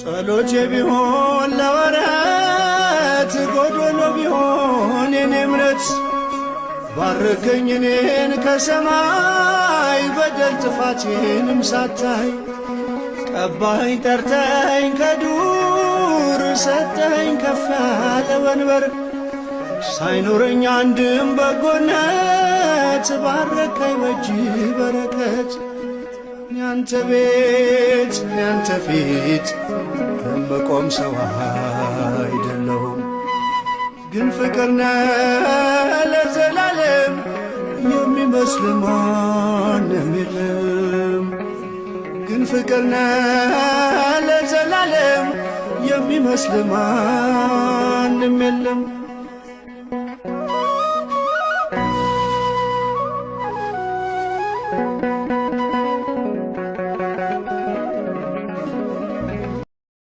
ጸሎቼ ቢሆን ለወረት ጎዶሎ ቢሆን የኔ እምነት ባርከኝ እኔን ከሰማይ በደል ጥፋቴንም ሳታይ ቀባኝ ጠርተኝ ከዱር ሰጠኝ ከፍ ያለ ወንበር ሳይኖረኝ አንድም በጎነት ባረከኝ በእጅ ያንተ ቤት ያንተ ፊት የምቆም ሰው አይደለሁም፣ ግን ፍቅርነ ለዘላለም የሚመስል ማንም የለም። ግን ፍቅርነ ለዘላለም የሚመስል ማንም የለም።